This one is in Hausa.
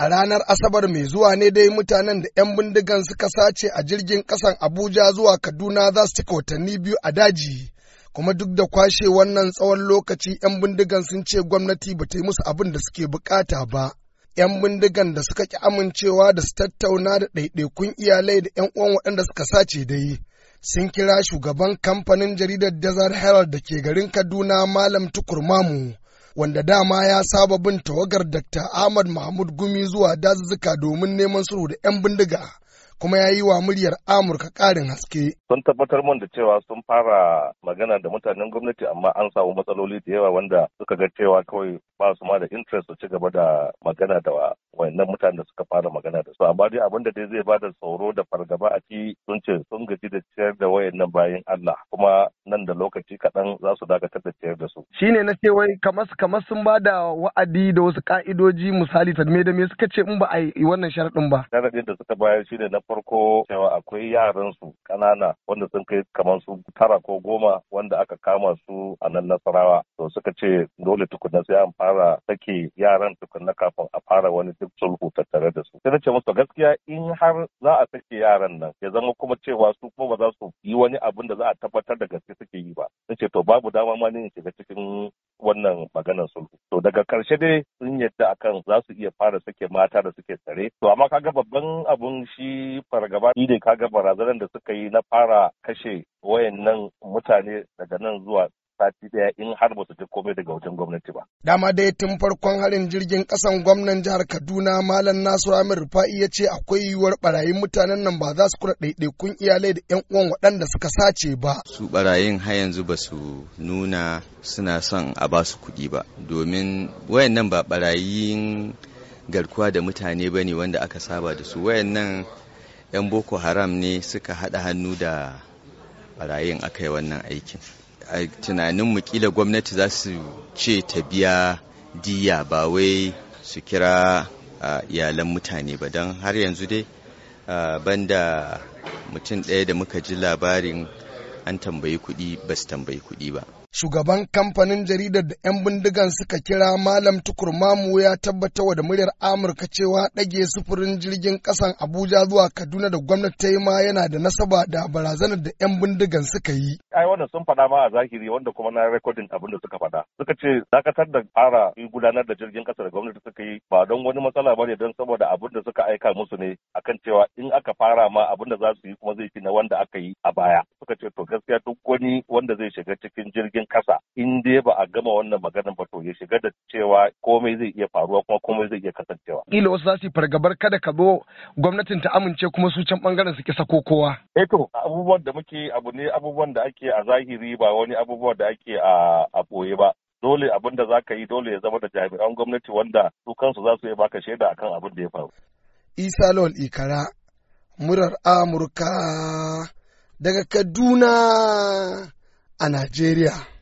A ranar Asabar mai zuwa ne dai mutanen da 'yan bindigan suka sace a jirgin ƙasan Abuja zuwa Kaduna za su cika watanni biyu a daji. Kuma duk da kwashe wannan tsawon lokaci 'yan bindigan sun ce gwamnati ba ta yi musu abin da suke bukata ba. 'Yan bindigan da suka ki amincewa da su tattauna da ɗaiɗaikun iyalai da 'yan uwan waɗanda suka sace da yi, sun kira shugaban kamfanin jaridar Desert Herald da ke garin Kaduna Malam Mamu. wanda dama ya saba bin tawagar Dr. Ahmad Mahmud Gumi zuwa dazuzzuka domin neman sulhu da 'yan bindiga. kuma ya yi wa muryar Amurka ƙarin haske. Sun tabbatar mun da cewa sun fara magana da mutanen gwamnati amma an samu matsaloli da yawa wanda suka ga cewa kawai ba su ma da interest su ci gaba da magana da wayannan mutanen da suka fara magana da su. Amma dai abin da dai zai bada tsoro da fargaba a ci sun ce sun gaji da ciyar da wayannan bayan Allah kuma nan da lokaci kaɗan za su dakatar da ciyar da su. Shi ne na ce wai kamar sun ba da wa'adi da wasu ka'idoji misali ta me da me suka ce in ba a yi wannan sharaɗin ba. Sharaɗin da suka bayar shi ne na farko cewa akwai yaran su ƙanana wanda sun kai kamar su tara ko goma wanda aka kama su a nan nasarawa. To suka ce dole tukunna sai an fara sake yaran tukunna kafin a fara wani duk sulhu tattare da su. Sai na ce musu gaskiya in har za a sake yaran nan ya zama kuma cewa su kuma ba za su yi wani abin da za a tabbatar da gaske suke yi ba sun ce to babu dama ma ne shiga cikin wannan maganar sulhu to daga karshe dai sun yadda akan za su iya fara sake mata da suke tsare to amma kaga babban abun shi fargaba ni ne kaga barazanar da suka yi na fara kashe wayannan mutane daga nan zuwa sati daya in har ba su ji komai daga wajen gwamnati ba. Dama dai tun farkon harin jirgin kasan gwamnan jihar Kaduna Malam Nasiru Amir Rufa'i ya ce akwai yiwuwar barayin mutanen nan ba za su kula ɗaiɗaikun iyalai da 'yan uwan waɗanda suka sace ba. Su barayin har yanzu ba su nuna suna son a ba su kuɗi ba domin wayannan ba barayin garkuwa da mutane ba ne wanda aka saba da su wayannan ƴan boko haram ne suka haɗa hannu da barayin aka yi wannan aikin a tunaninmu kila gwamnati za su ce ta biya diya ba wai su kira iyalan mutane ba don har yanzu dai banda mutum ɗaya da muka ji labarin an tambayi kuɗi ba su tambayi kuɗi ba Shugaban kamfanin jaridar da 'yan bindigan suka kira Malam tukurmamu ya tabbatar da muryar Amurka cewa ɗage sufurin jirgin ƙasan Abuja zuwa Kaduna da gwamnati ta yi ma yana da nasaba da barazanar da 'yan bindigan suka yi. Ai wannan sun faɗa ma a zahiri wanda kuma na rekodin abin da suka faɗa. Suka ce dakatar da ƙara gudanar da jirgin ƙasa da gwamnati suka yi ba don wani matsala ba ne don saboda abinda suka aika musu ne akan cewa in aka fara ma abinda da za su yi kuma zai fi na wanda aka yi a baya. Suka ce to gaskiya duk wani wanda zai shiga cikin jirgin cikin kasa in dai ba a gama wannan maganar ba to ya shiga da cewa komai zai iya faruwa kuma komai zai iya kasancewa. Ila wasu za su yi fargabar kada ka zo gwamnatin ta amince kuma su can bangaren su kisa ko kowa. Eh to abubuwan da muke abu ne abubuwan da ake a zahiri ba wani abubuwan da ake a ɓoye ba. dole abin da za ka yi dole ya zama da jami'an gwamnati wanda su kansu za su yi baka shaida akan abin da ya faru. Isa Lol Ikara, murar Amurka daga Kaduna a Najeriya.